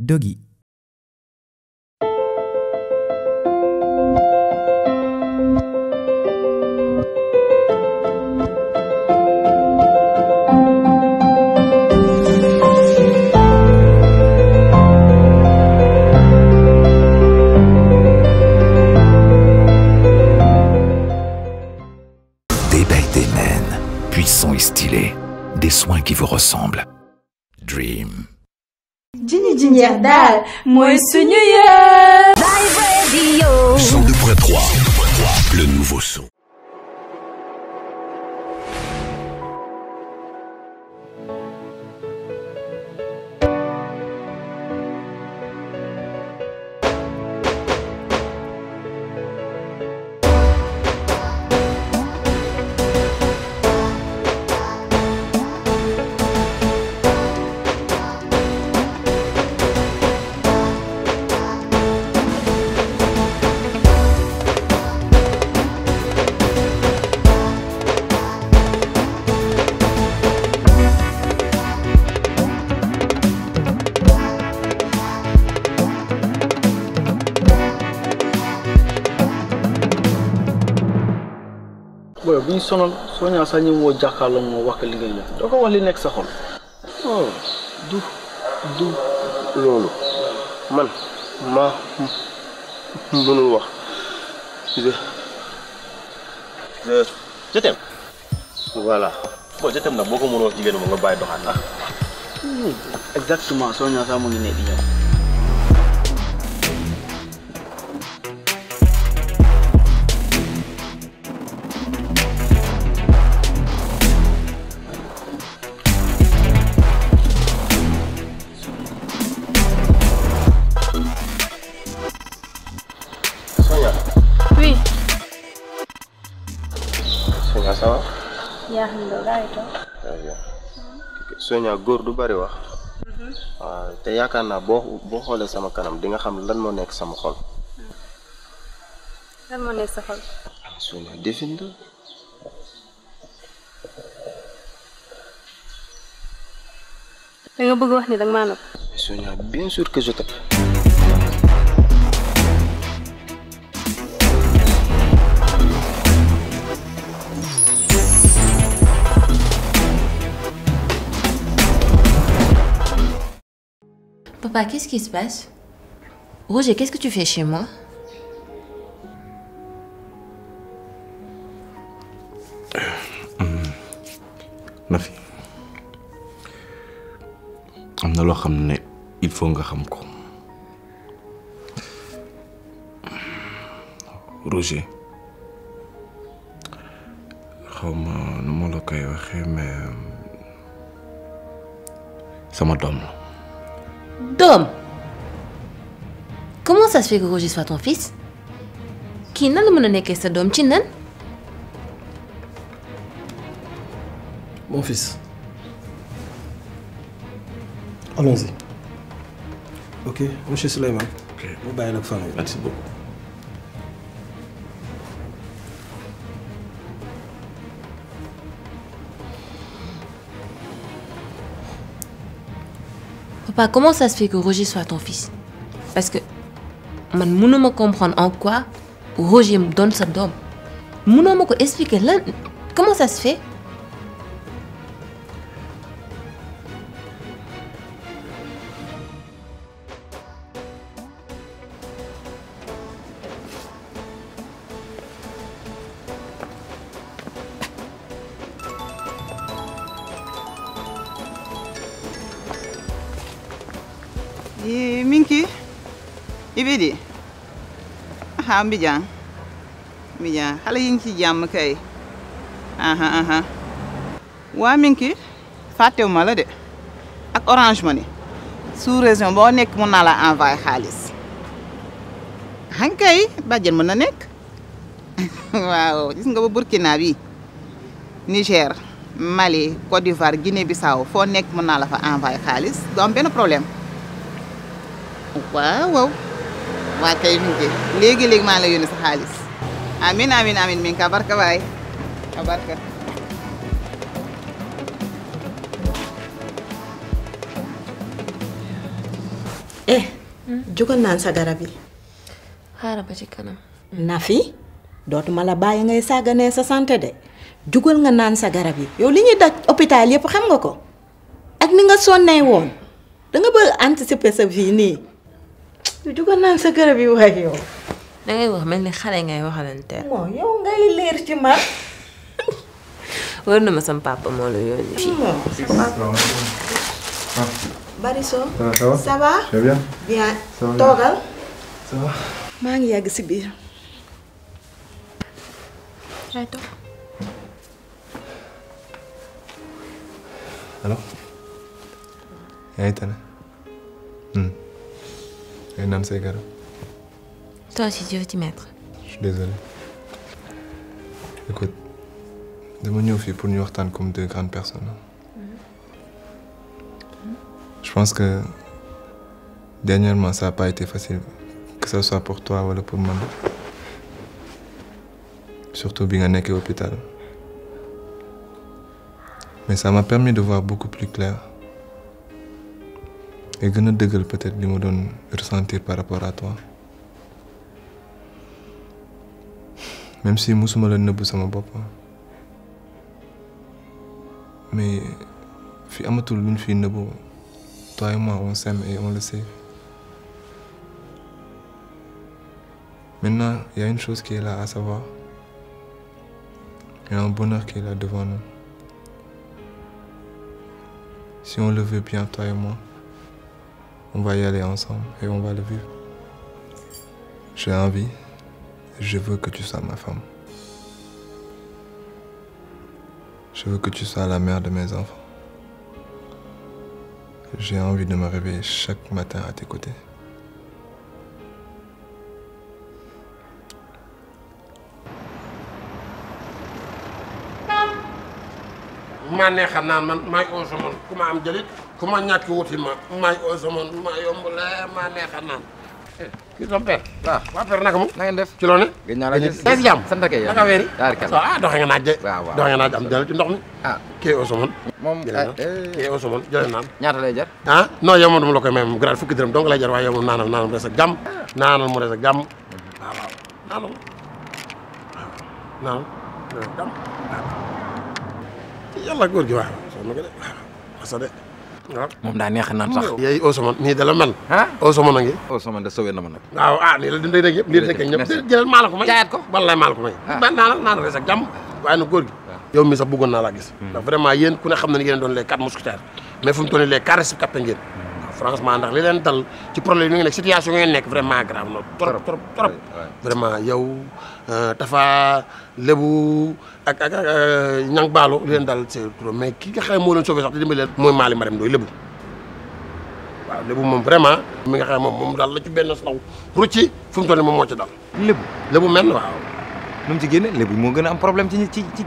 Doggy. milliardal, moi Sunyu. Live Radio 102.3, le nouveau son. ñuy sonal soo ñaaw sax ñu moo jàkkaarloo moo wax li ngay def doo ko wax li nekk sa xol. oh du du loolu man maa mënul wax je je je t'aime nag boo ko mënul wax jigéen ma nga bàyyi doxaat ndax. Hmm, exactement soo ñaaw sax mu ngi ne bàyyi iya. gor du bari wax waaw mm-hmm. ah, te yakarna bo bo xolé sama kanam di nga xam lan mo nek sama xol lan mo nek sa xol soo ñaa da nga bëgg wax ni da nga maa nopp soo bien sûr que je t'aime Bah, qu'est-ce qui se passe Roger, qu'est-ce que tu fais chez moi euh, Ma fille am na loo il faut nga xam ko Roger xaw ma nu ma la koy mais euh, sama ma Dom comment ça se fait que Roger soit ton fils Qui n'a pas mën que nekkee sa dom mon fils allons-y ok monsieur Suleiman. ok Vous baillez la famille. merci beaucoup. comment ça se fait que Roger soit ton fils Parce que je peux pas comprendre en quoi Roger me donne sa Je ne peux pas expliquer comment ça se fait Djibidi aha Mbijaan Mbijaan xale yi ngi ci jàmm kay aha aha waa minki fàttewu de ak Orange Money sous boo nekk mën naa la envoyé xaalis hankay bàjjen mën na nekk waaw gis nga ba Burkina bi Niger Mali Côte d'Ivoire Guinée Bissau foo nekk mën naa la fa envoyé xaalis du am benn problème waaw waa kay mi léegi léegi maa la yónnee sa xaalis amin amin amin mi ngi ka barka waay eh jógal naan sa garab yi xaaral ba ci kanam Nafi dootuma la bàyyi ngay sàgganee sa santé de jugal nga naan sa garab yi yow li ñuy daj hôpital yëpp xam nga ko ak ni nga sonnee woon danga bëgg anticiper sa vie nii jógal naan sa garab yi waay yow. da ngay wax mel ni xale ngay waxalanteel. non yow ngay leer ci man. war na ma sam papa moo la yónni fii. Bariso. ça va ça va. bien toogal. ça va. maa ya ngi yàgg si biir. yaay toog. allo. yaay tane. Et toi aussi tu veux t'y mettre. je suis désolé écoute je suis pour nous attendre comme deux grandes personnes. Mhm. je pense que dernièrement ça n'a pas été facile que ce soit pour toi ou pour moi. surtout bi nga l'hôpital. hôpital mais ça m'a permis de voir beaucoup plus clair. Et je ne dëggal peut-être li me doon ressentir par rapport à toi même si musuma la nëbb sama bopp mais fi amatul luñ fi nëbbu toi et moi on s'aime et on le sait maintenant il y a une chose qui est là à savoir il y a un bonheur qui est là devant nous si on le veut bien toi et moi on va y aller ensemble et on va le vivre. J'ai envie. Je veux que tu sois ma femme. Je veux que tu sois la mère de mes enfants. J'ai envie de me réveiller chaque matin à tes côtés. ku ma ñàkk wuti ma maay oo sama maa yomb lee maa neex a naan. Eh, kii sama père. waaw ah. waaw père naka mu. na ngeen def ci loolu ne. gëj naa la gis tey si jàmm. sant ak yow ah doxe nga naaj de. waaw waaw doxe nga naaj am jël ci ndox mi. ah kii oo sama. moom ah, eh. kii oo sama jëlee naan. ñaata lay jar. ah non yow moom dama la koy may moom grand fukki dërëm donc lay jar waaye yow moom naanal naanal mu des ak jàmm. naanal mu des ak jàmm. waaw ah, waaw naanal waaw naanal mu des ak jàmm. yàlla góor gi waaw sonn nga de waaw masa de waaw moom daa neex naan sax. yooyu Ousmane nii da la man. a ngi. Ousmane da sowee na ma nag. waaw ah nii la dindee nag yëpp la dindee ñëpp jëlal maa la ko ko wallaay maa la ko may. waaw ah. naa la naa waaye nag góor gi. Ah. yow mi sax bëggoon naa laa gis. Hmm. ndax vraiment yéen ku doon les quatre mousquetaires mais fu mu toll nii ma ndax li len dal ci problème ni nek situation yi nek vraiment grave no trop trop trop vraiment yow euh, Tafa Lebu ak ak Ñang euh, balu li len dal c'est trop mais ki nga xam mo len sauver sax te dimbali moy mali marem Marème Lebu waaw Lebu mom vraiment mi nga xam mom mom dal la ci benn saw rucci fu mu tole mom mo ci dal Lebu Lebu mel waaw num ci génne Lebu mo gëna am problème ci ci ci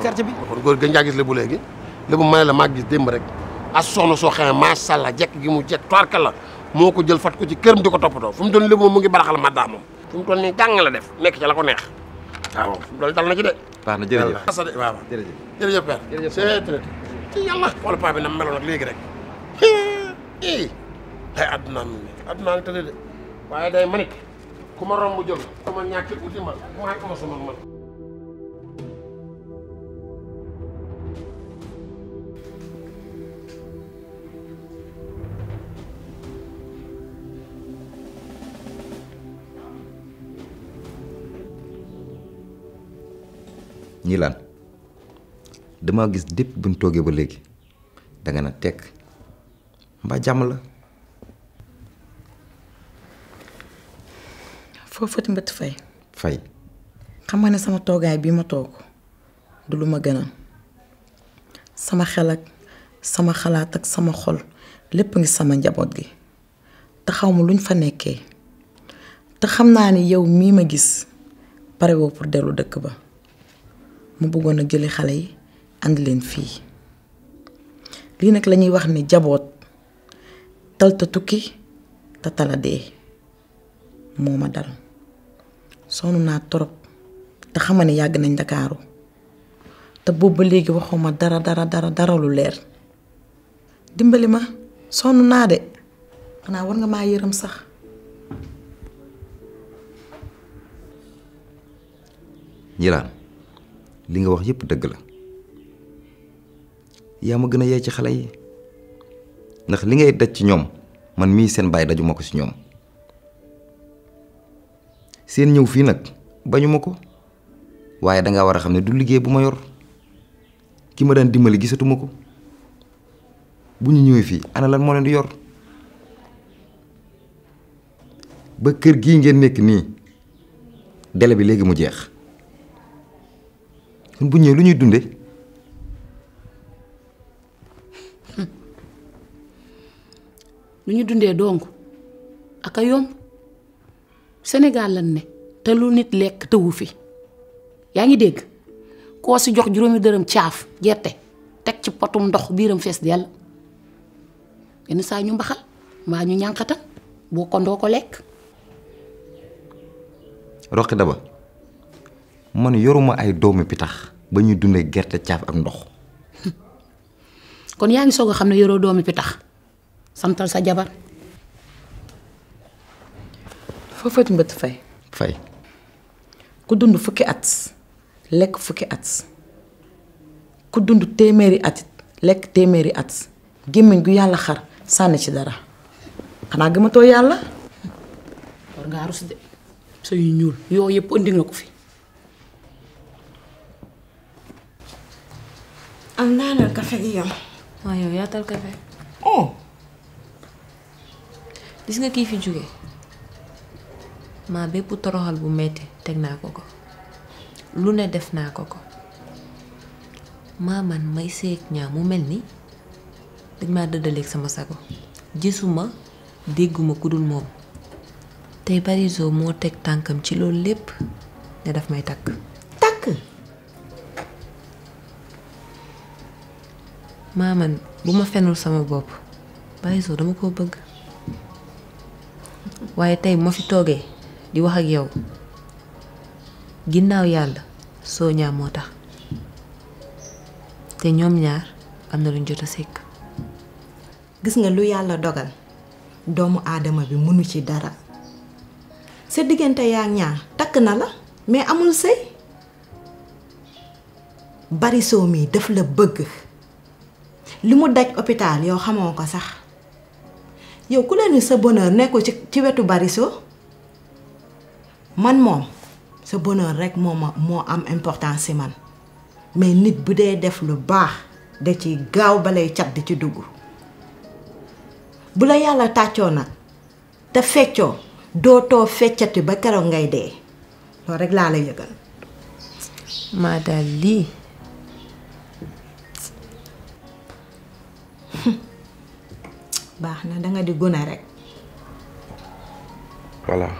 quartier bi gor gor gën ja gis Lebu léegi Lebu ma la gis demb rek asono so xam ma sha allah jek gi mu jek toarka la moko jël fat ko ci kërëm diko ko toppatoo fu mu doon lëmoo mu ngi baraxal madam moom fu mu toll nii la def nek ci la ko neex waaw fu dal na ci de. baax na jere waaw waaw jere jere père. jërëjëf c'est très ci yalla wala paa bi na melo nak legi rek ii ay adna mi adna tëdd de waye day manik kuma rombu romb jël ku ma ñàkk uti ma bu ma ko ma man. ñii laan dama gis dépp buñ toogee ba léegi da nga tekk mbaa jàmm la foofu mbët fay fay xam nga ne sama toogaay bi ma toog du lu ma gënal sama xel ak sama xalaat ak sama xol lépp ngi sama njaboot gi te xaw ma luñ fa nekkee te xam naa ni yow mii ma gis parewoo pour dellu dëkk ba mu bëggoon a jële xale yi andi leen fii lii nag lañuy wax ni jaboot talta tukki te tala dee moo ma dal sonn naa torop te xama ne yàgg nañ ndakaaru te boobu ba léegi waxuma dara dara dara dara lu leer dimbali ma sonn naa de xanaa war nga maa yërëm sax njiraan li nga wax yépp dëgg la yaa ma gën a yey ci xale yi ndax li ngay daj ci ñoom man mii seen bàyyi daju ko ci ñoom seen ñëw fii nag bañu ko waaye danga war a xam ne du liggéey bu ma yor ki ma daan dimbali gisatuma ko bu ñu ñëwee fii ana lan moo leen di yor ba kër gii ngeen nekk nii délai bi léegi mu jeex ñun bu lu ñuy dundee. Hmm. lu ñu dundee donc ak a yomb Sénégal lan ne te lu nit lekk tëwu fi yaa ngi dégg koo si jox juróomi dërëm caaf gerte teg ci potum ndox biiram fees dell yenn saa ñu mbaxal mbaa ñu ñànkata boo ko ko lekk. Roqi Daba man yoruma ay doomi pitax ba ñuy dundee gerte caaf ak ndox. kon yaa ngi soog a xam ne yoroo doomi bi tax santal sa jabar. foofa mbët fay. fay. ku dund fukki at lekk fukki at ku dund téeméeri at lekk téeméeri at gémmiñ gu yàlla xar sànni ci dara xanaa gëmatoo yàlla. war ngaa rus de sa yu ñuul yoo yëpp indi nga ko fi. am naanal café gi yow. waaw yow yaatal café. oh. gis nga kii fi jóge maa bépp toroxal bu metti teg naa ko ko lu ne def naa ko ko maa man may seeg ñaa mu mel ni dañ maa dëddaleeg sama sago gisuma dégguma ku dul moom tey Barizo moo teg tànkam ci loolu lépp ne daf may takk. maaman bu ma fenul sama bopp Baye dama koo bëgg waaye tey ma fi toogee di wax ak yow ginnaaw yàlla sooñaa moo tax te ñoom ñaar am na luñ jot a sekk gis nga lu yàlla dogal doomu aadama bi mënu ci dara sa diggante yaa ñaar takk na la mais amul sëy bari mii daf la bëgg li mu daj hôpital yow xamoo ko sax yow ku leen ni sa bonheur nekkul ci ci wetu Bariso man moom sa bonheur rek moo ma moo am important si man mais nit bu dee def lu baax da ci gaaw balay cat di ci dugg bu la yàlla tàccoo nag te feccoo dootoo feccati ba keroog ngay dee loolu rek laa la yëgal maa daal lii baax na danga di gone rek. voilà.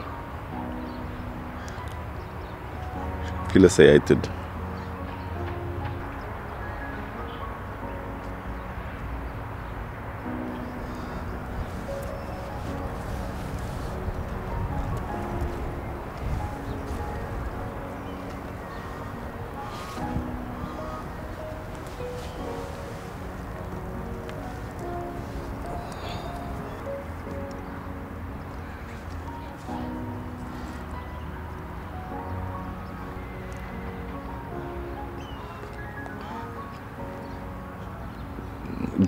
fi la sa yaay tëdd.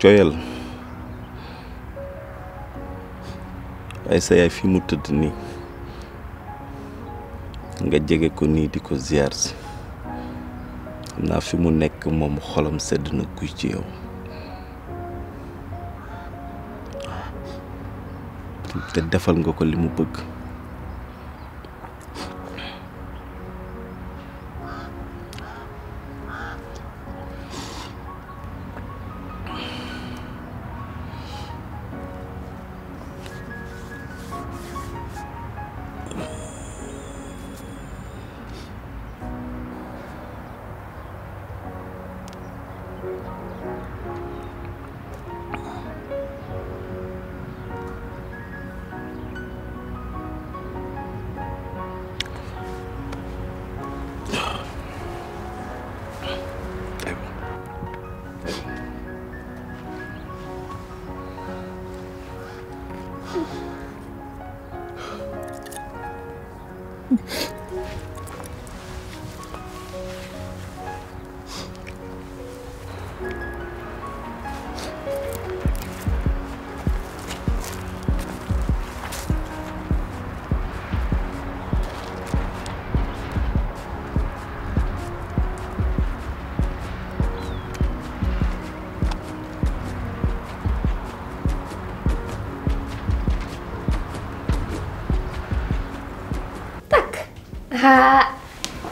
jooyal waaye sa yaay fi mu tëdd nii nga jege ko nii di ko ziar si naa fi mu nekk moom xolam sedd na kuy ci yow te defal nga ko li mu bëgg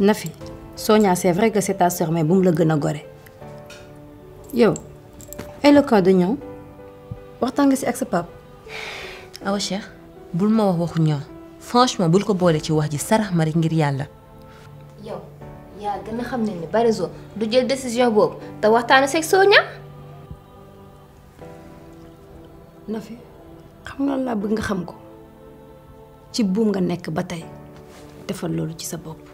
Nafi Sonia c'est vrai que c'est bu mu la gën a gore yow ay le camp de ñoom waxtaan nga si ak sa pap awa Cheikh bul ma wax waxu ñoom franchement bul ko boole ci wax ji sarax ma rek ngir yàlla yow yaa gën a xam ne ni Barizo du jël décision boobu te waxtaanu seeg Sonia Nafi xam nga laa bëgg nga xam ko ci buum nga nekk ba tey defal loolu ci sa bopp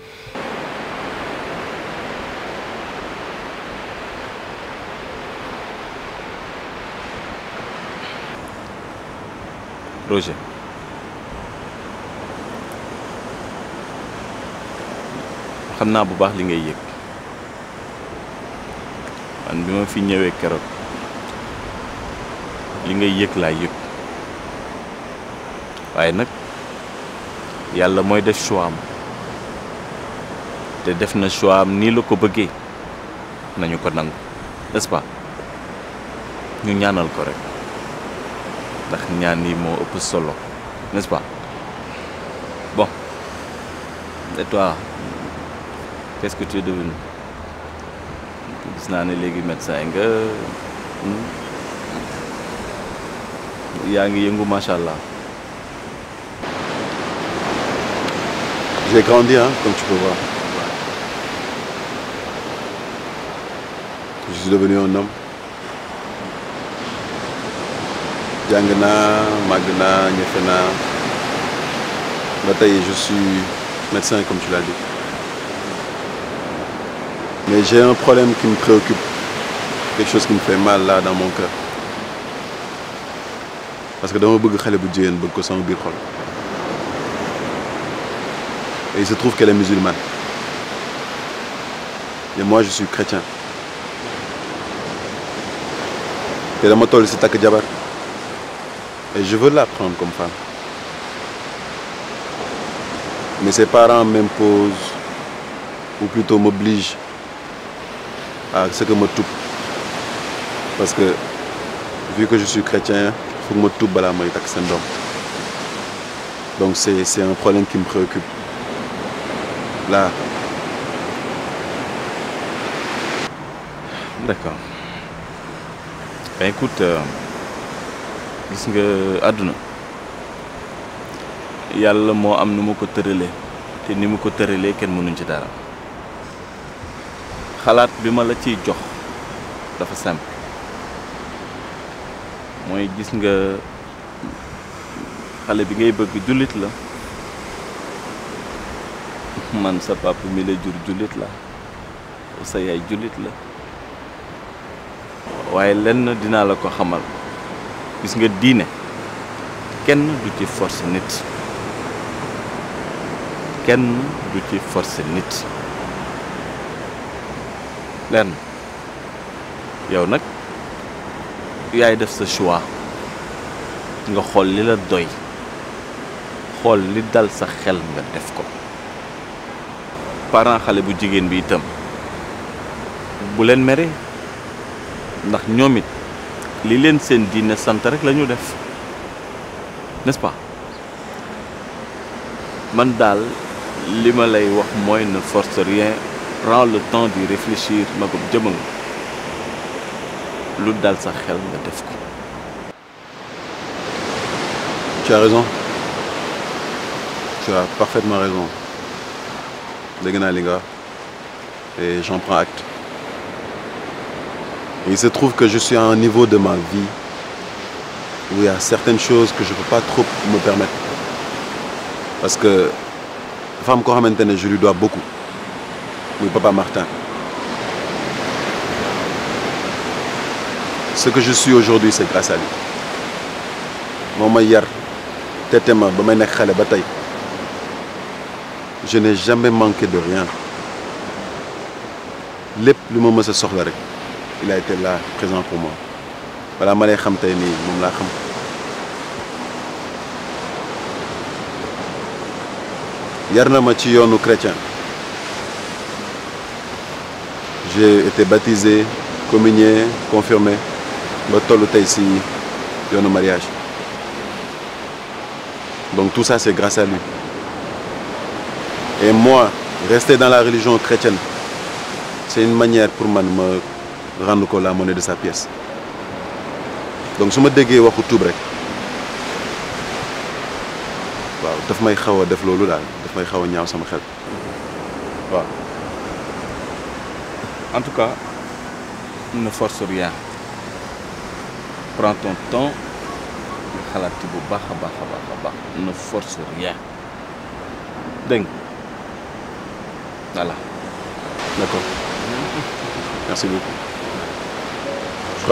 projet xam naa bu baax li ngay yëg man bi ma fi ñëwee keroog li ngay yëg laa yëg waaye nag yàlla mooy def choix te def na choix am nii la ko bëggee nañu ko nangu n'est-ce ñu ñaanal ko rek. ndax ñaan ni moo ëpp solo n'est-ce pas bon et toi qu'est-ce que tu es devenu gis tu es léegi médecin Il hmm? y a un macha allah. j'ai grandi hein comme tu peux voir je suis devenu un homme. Jangna, Magna, Nyefena. Bataille. je suis médecin comme tu l'as dit mais j'ai un problème qui me préoccupe quelque chose qui me fait mal là dans mon cœur parce que dama bëgg xale bu jigéen bëgg ko sama biir et il se trouve qu'elle est musulmane et moi je suis chrétien Et dama moto, c'est takk jabar et je veux l'apprendre comme femme. Mais ses parents m'imposent, ou plutôt m'obligent, à ce que je me toupe. Parce que, vu que je suis chrétien, il faut que je me toupe à la Donc c'est un problème qui me préoccupe. Là. D'accord. Ben écoute, euh, gis nga àdduna yàlla moo am nu mu ko tëralee te ni mu ko tëralee kenn mënuñ ci dara xalaat bi ma la ciy jox dafa simple mooy gis nga xale bi ngay bëgg jullit la man sa papa mi la jur jullit la sa yaay jullit la waaye lenn dinaa la ko xamal gis nga diine kenn du ci force nit kenn du ci force nit lenn yow nag yaay def sa choix nga xool li la doy xool li dal sa xel nga def ko parent xale bu jigéen bi itam bu leen mere ndax ñoomit li leen seen diine sant rek la ñu def n'est-ce pas man daal li ma lay wax ne force rien prends le temps de réfléchir magum jëmam lu dal sa xel nga def ko tu as raison tu as parfaitement raison dégg naa li nga et j'en prends acte il se trouve que je suis à un niveau de ma vie où il y a certaines choses que je ne peux pas trop me permettre. Parce que la femme qu'on je lui dois beaucoup. Oui, papa Martin. Ce que je suis aujourd'hui, c'est grâce à lui. Je n'ai jamais manqué de rien. le plus moments se il a été là présent pour moi Voilà, ma chrétien j'ai été baptisé communié confirmé Je suis ici, dans le mariage donc tout ça c'est grâce à lui et moi rester dans la religion chrétienne c'est une manière pour de me rendre ko la monnaie de sa pièce donc su ma déggee waxu tuub rek waaw daf may xaw a def loolu daal daf may xaw a ñaaw sama xel waaw en tout cas ne force rien prends ton temps nga xalaat ci bu baax a baax ne force rien dégg voilà d'accord merci beaucoup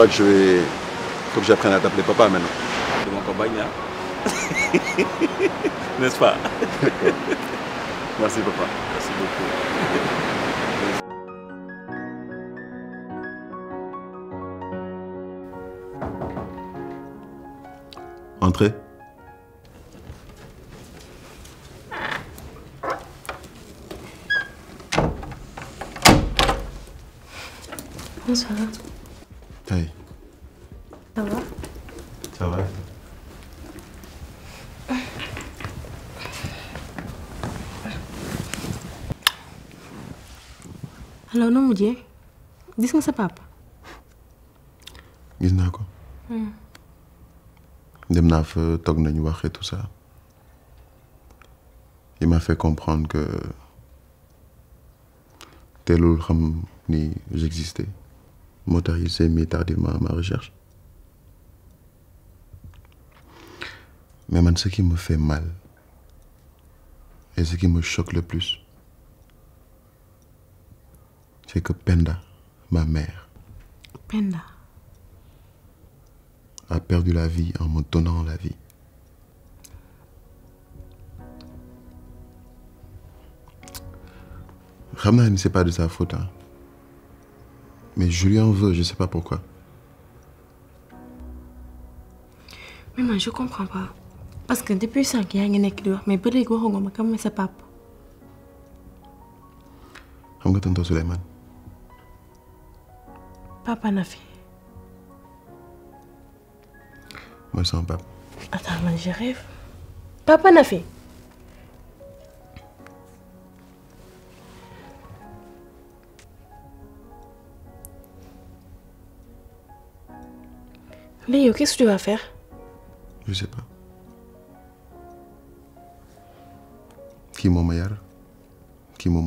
que je vais... Faut que j'apprenne à t'appeler papa maintenant. C'est mon compagnon. N'est-ce pas Merci papa. Merci beaucoup. Entrez. Bonsoir. alors non, je dis-moi sa papa. gis naa ko. fa nañu tout ça il m'a fait comprendre que tel xam ni j'existais Je tax il tardivement à ma recherche mais ce qui me fait mal et ce qui me choque le plus c'est que Penda, ma mère, Penda a perdu la vie en me donnant la vie. Ramna ne sait pas de sa faute. Hein. Mais je lui en veux, je ne sais pas pourquoi. Mais moi, je comprends pas. Parce que depuis ça, il y a un équilibre. Mais il y que je ne sais pas. Je sais pas, Suleiman papa fait. Moi, c'est un papa. Attends, j'arrive. j'y rêve. Papa Nafi Léo, qu'est-ce que tu vas faire Je sais pas. Qui m'a Qui m'a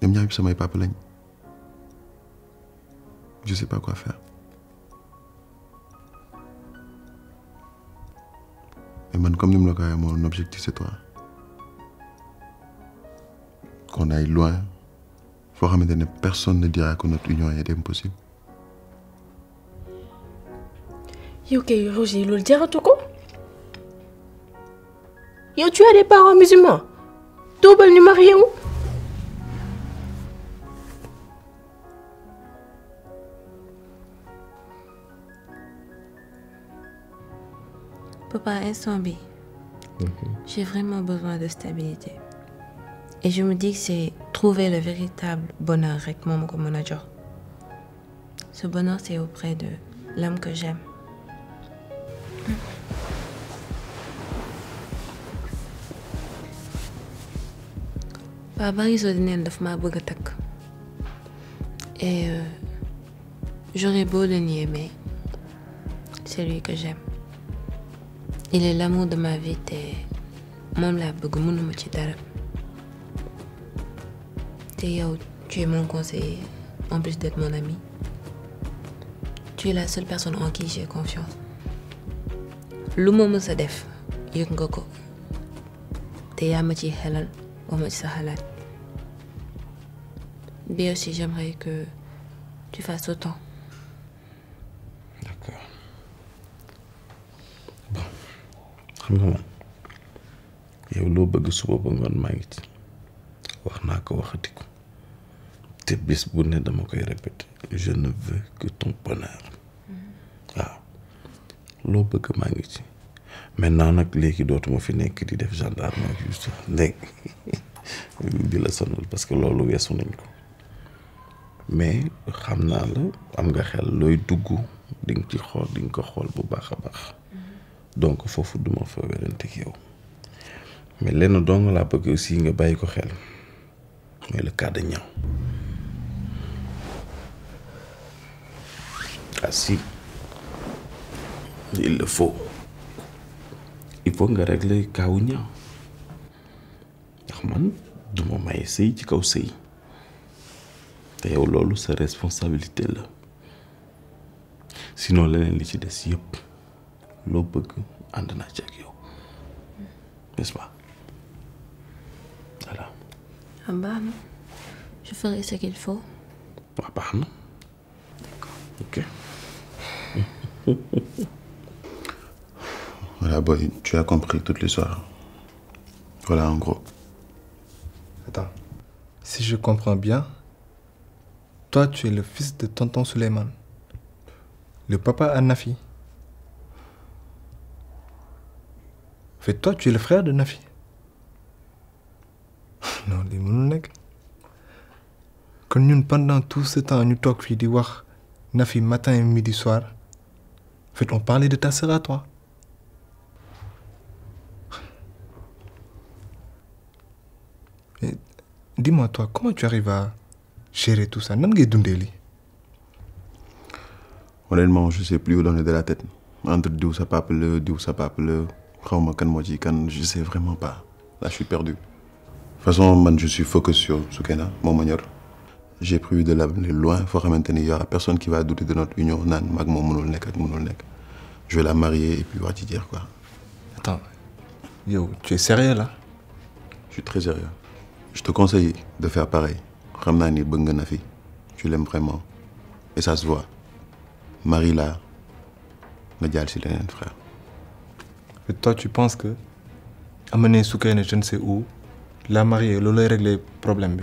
ñoom ñaar yëpp samay papa lañ je sais pas quoi faire Et man comme je mu la mon objectif c'est toi qu'on aille loin foo xamante ne personne ne dira que notre union est impossible. yow kay dire loolu tout ko Yo, tu as des parents musulmans tóobal ñu marié wu. Papa, un J'ai vraiment besoin de stabilité. Et je me dis que c'est trouver le véritable bonheur avec mon manager. Ce bonheur, c'est auprès de l'homme que j'aime. Papa il Dinen donné ma bëgg tak. Et euh, j'aurais beau le nier mais c'est lui que j'aime il est l'amour de ma vie Je moom laa bëgg mënuma ci dara tu es mon conseiller en plus d'être mon ami tu es la seule personne en qui j'ai confiance lu ma mës a def yëg nga ko te ma ci bien aussi j'aimerais que tu fasses autant nga man yow loo bëgg suba ba ngoon maa ngi wax naa ko waxati ko te bis bu ne dama koy répété je ne veux que ton bonheur mm-hmm. waaw loo bëgg maa ngi ci maintenant nag léegi dootuma fi nekk di def gendarme ak justice di la sonal parce que loolu weesu nañ ko mais xam naa la am nga xel looy dugg di nga ci xool di ko xool bu baax a baax. donc fofu duma fa werante ak yow mais lenn dong la bëgg aussi nga bàyyi ko xel mooy le cas de ñaw ah si il le faut il faut nga régler cas wu ñaw ndax man duma may sëy ci kaw sëy te yow loolu sa responsabilité la sinon leneen li ci des yépp loo bëgg ànd naa ci ak yow n'est-ce pas voilà. Ah, baax je ferai ce qu'il faut. Papa, ah, baax d'accord ok. voilà boy tu as compris toutes les l'histoire voilà en gros. attends si je comprends bien toi tu es le fils de tonton Souleymane le papa à Nafi. fais toi tu es le frère de Nafi non les moi Quand nous pendant tout ce temps nous toog fi di wax Nafi matin et midi soir fait on parler de ta sœur à toi dis-moi toi comment tu arrives à gérer tout ça nan ngay honnêtement je ne sais plus où donner de la tête entre Dieu, sa papa la ça sa papa je ne sais vraiment pas là je suis perdu de toute façon man je suis focus sur Soukena mon ma j'ai prévu de l'amener loin faut xamante y aura personne qui va douter de notre union nan. Mag je vais la marier et puis voir te dire quoi attends yo, tu es sérieux là je suis très sérieux je te conseille de faire pareil tu l'aimes vraiment et ça se voit marie la nga jaal si leneen frère et toi tu penses que amener Soukaine je ne sais où, la marier, le régler le problème.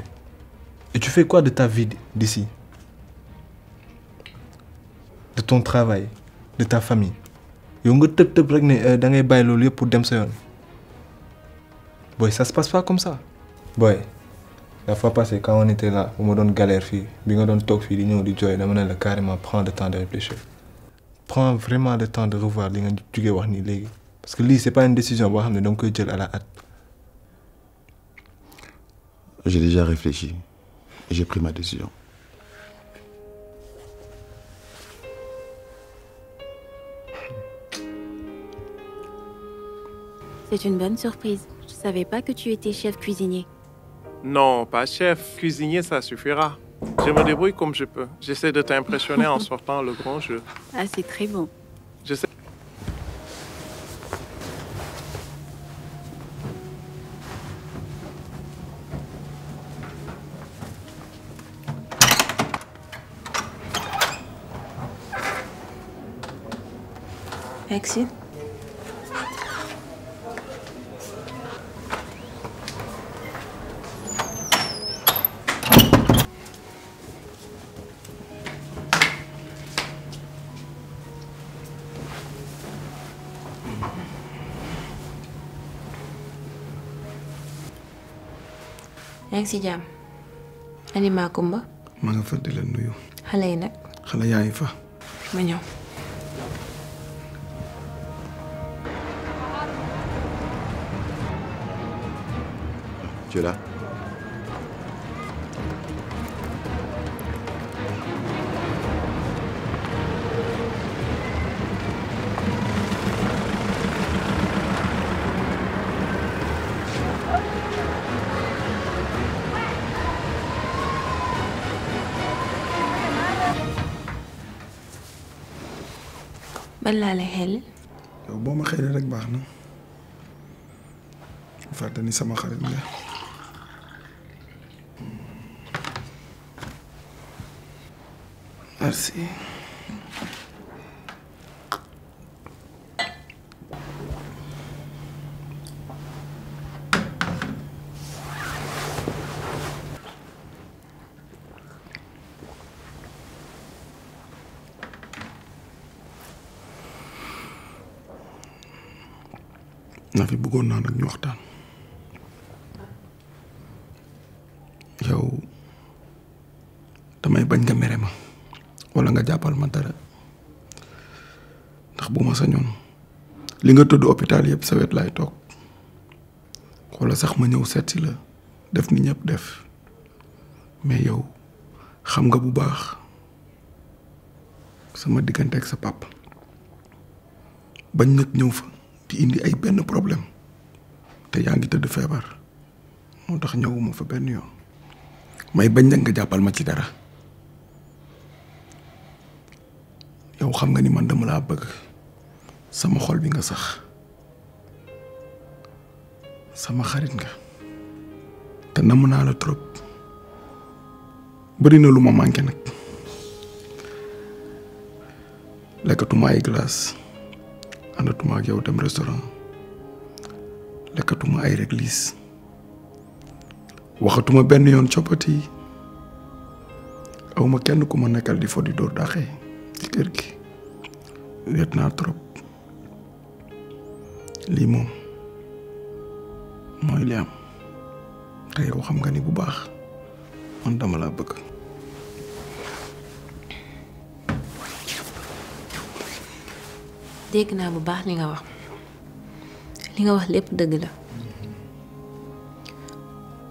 Et tu fais quoi de ta vie d'ici De ton travail, de ta famille Tu te tëb le rek ne euh, da pour dem boy ça se passe pas comme ça. boy la fois passée quand on était là on ma une galère fii bi nga donne toog On di tu di jooy dama carrément prendre le temps de réfléchir prends vraiment le temps de revoir les gens jugee wax dire parce que ce c'est pas une décision à voir. Donc, donc à la hâte. j'ai déjà réfléchi j'ai pris ma décision. C'est une bonne surprise. Je ne savais pas que tu étais chef cuisinier. Non, pas chef. Cuisinier, ça suffira. Je me débrouille comme je peux. J'essaie de t'impressionner en sortant le grand jeu. Ah, c'est très bon. taksi. Yang si jam. ani ma Kumba. Ma nga fa nuyu. Xalé yi nak? Xalé yaay fa. ma ñëw. que là. بالله لهل ربما خير لك بعنا وفاتني سما خير منها Bentar sih. Nafi bëggoon naa nag ñu waxtaan yow damay jappal ma dara ndax buma sa ñoon li nga tuddu hôpital yépp sa wet lay tok sax ma ñew la def ni ñëpp def mais yow xam nga bu baax sama digënté ak sa papa bañ nak ñew fa di indi ay benn problème te yaangi ngi tëdd feebar moo tax ñëwuma fa benn yoon may bañ nga jappal ma ci dara yow xam nga ni man dama laa bëgg sama xol bi nga sax sama xarit nga te namm naa la trop bëri na lu ma manqué nag lekkatuma ay glace àndatuma ak yow dem restaurant lekkatuma ay réglisse waxatuma benn yoon coppati awma kenn ku ma nekkal di fo di dóor daaxee kër gi trop lii moom mooy li am te yow xam nga ni bu baax man dama laa bëgg dégg naa bu baax li nga wax li nga wax lépp dëgg la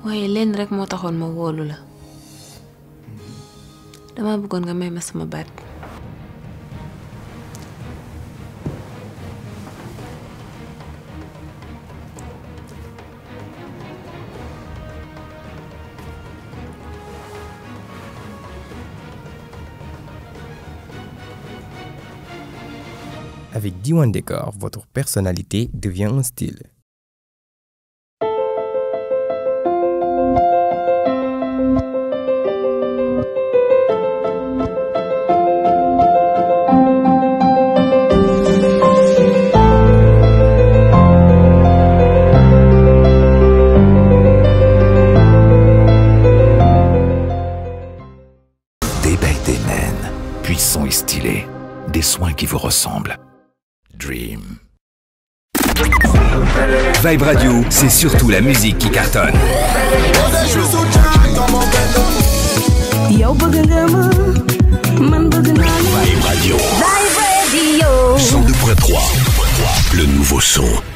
waaye lenn rek moo taxoon ma wóolu la dama bëggoon nga may ma sama baat Avec Diwan Décor, votre personnalité devient un style. Des belles des naines, puissants et stylés, des soins qui vous ressemblent. Dream. Vibe Radio, c'est surtout la musique qui cartonne. Vibe Radio. le nouveau son.